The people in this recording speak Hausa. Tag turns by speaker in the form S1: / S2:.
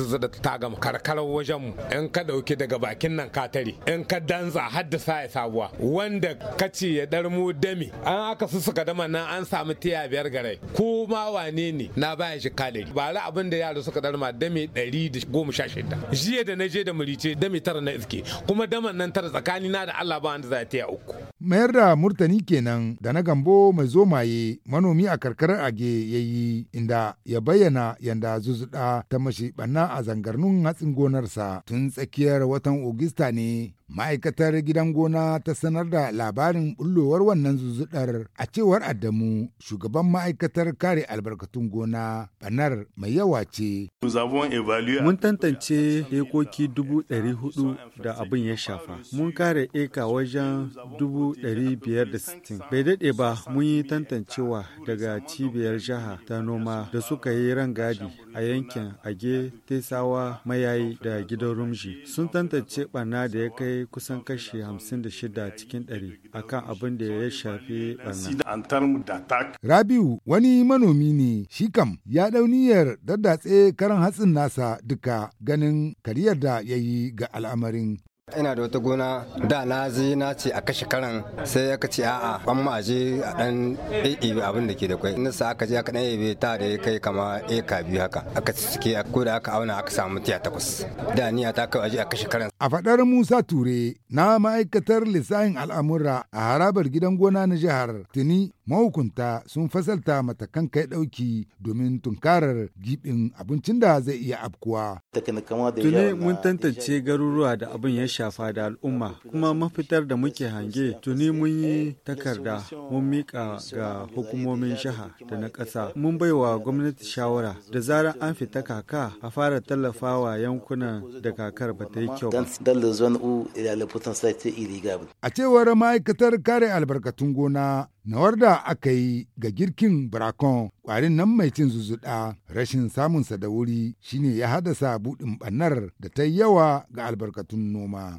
S1: zuzzada ta gama karkarar wajen mu in ka dauki daga bakin nan ka tare in ka danza haddasa ya sabuwa wanda ka kace ya dar mu dami an aka sussuka dama nan an samu tiya biyar garai ko ma wane ne na baya shi kalari ba ra abin da yara suka dar ma dami shida jiya da na je da murice dami tara na iske kuma daman nan tara tsakani na da Allah ba wanda za ta tiya uku
S2: mayar da murtani kenan da na gambo mai zomaye manomi a karkarar age ya yi inda ya bayyana yanda zuzuɗa ta mashi ɓanna a zangarnun hatsin gonarsa tun tsakiyar watan ogista ne ma'aikatar gidan gona ta sanar da labarin bullowar wannan zuzudar a cewar adamu shugaban ma'aikatar kare albarkatun gona banar mai yawa ce
S3: mun tantance hekoki dubu ɗari hudu da abin ya shafa mun kare eka wajen dubu ɗari biyar da sittin bai daɗe ba mun yi tantancewa daga cibiyar jiha ta noma da suka yi rangadi a yankin age tesawa mayayi da gidan rumshi sun tantance ɓanna da ya kai kai kusan kashi 56 cikin 100 akan abin da ya shafi barna.
S2: Rabiu wani manomi ne shi kam ya dau daddatse karan hatsin nasa duka ganin kariyar da ya yi ga al'amarin.
S4: ina da wata gona da na je na ce a kashe karan sai aka ce a'a an ma a dan ebe abin da ke da kwai nasa aka je aka dan ta da ya kai kama eka biyu haka aka cike a koda aka auna aka samu tiya takwas da ni ta kai aje a kashe karan.
S2: a faɗar musa ture na ma'aikatar lissafin al'amura a harabar gidan gona na jihar tuni mahukunta sun fasalta matakan kai ɗauki domin tunkarar gibin abincin da zai iya afkuwa.
S3: Tuni mun tantance garuruwa da abin ya shafa da al'umma
S2: kuma mafitar
S3: da muke hange tuni mun yi takarda mun mika ga hukumomin shaha da na ƙasa. Mun baiwa gwamnati shawara da zarar an fita kaka a fara tallafawa yankunan da kakar ba ta yi kyau.
S2: A cewar ma'aikatar kare albarkatun gona Nawar da aka yi ga girkin Brakon ƙwarin nan mai cin zuzuɗa rashin samunsa da wuri shine ya haddasa buɗin ɓannar da ta yawa ga albarkatun noma.